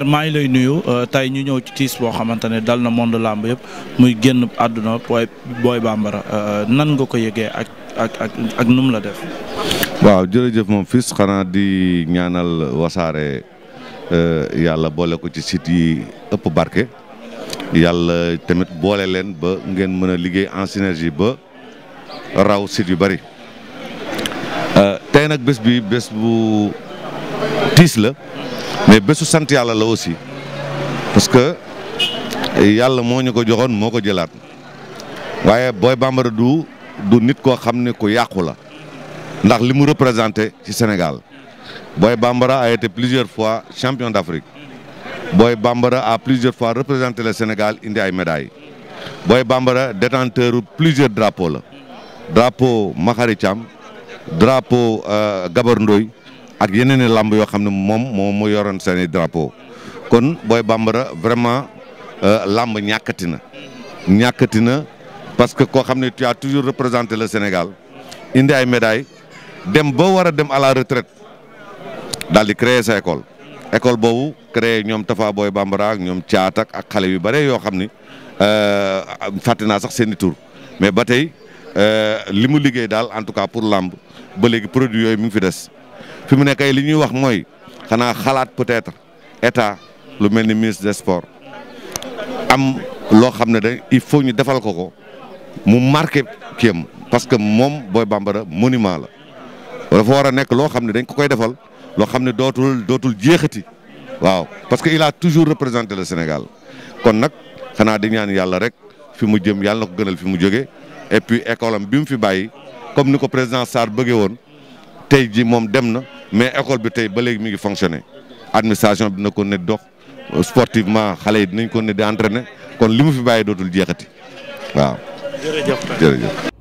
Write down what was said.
maa ngi lay nuyu euh, tey ñu ñëw ci tiis boo xamante ne dal na monde làmb yépp muy génn àdduna booy booy bambara euh, nan nga ko yëgee ak ak ak ak num la def. waaw jërëjëf moom fils xanaa di ñaanal wasaare euh, yàlla boole ko ci site yi ëpp barke yàlla tamit boole leen ba ngeen mën a liggéey en synergie ba raw site yu bari tey nag bés bi bés bu tiis la. mais bésu sant yàlla la aussi parce que yàlla moo ñu ko joxoon moo ko jëlaat waaye Boy Bambara du du nit koo xam ne ko yàqu la ndax li mu représenté ci Sénégal Boy Bambara a été plusieurs fois champion d'Afrique Boy Bambara a plusieurs fois représenté le Sénégal indi ay médailles Boy Bambara détenteur plusieurs drapeaux la drapeau Makhari Thiam drapeau euh, Gabar Ndoye ak yeneen i làmb yoo xam ne moom moo mu yoroon seeni drapeau kon booy Bambara vraiment euh, làmb ñàkkati na ñàkkati na parce que koo xam ne tu as toujours représenté le Sénégal indi ay médailles dem ba war a dem à la retraite daal di créer sa école école boobu créer ñoom Tafa booy Bambara ak ñoom caatak ak xale yu bare yoo xam ni euh, fàtte naa sax seen i tur mais ba tey euh, li mu liggéey daal en tout cas pour làmb ba léegi produit yooyu mi ngi fi des. fi mu nekkee li ñuy wax mooy xanaa xalaat peut-être état lu mel ni ministre des sports am loo xam ne de il faut ñu defal ko ko mu marqué kéem parce que moom Boy Bambara monument la foo war a nekk loo xam ne dañ ko koy defal loo xam ne dootul dootul jeexati waaw parce que il a toujours représenté la Sénégal kon nag xanaa di ñaan yàlla rek fi mu jëm yàlla na ko gënal fi mu jóge et puis école am bi mu fi bàyyi comme ni ko président Sarr bëggee woon tey ji moom dem na mais école bi tey ba léegi mi ngi fonctionné administration bi dina ko ne dox sportivement xale yi dinañ ko ne di ne kon li mu fi bàyyi dootul ti waaw. jërëjëf jërëjëf.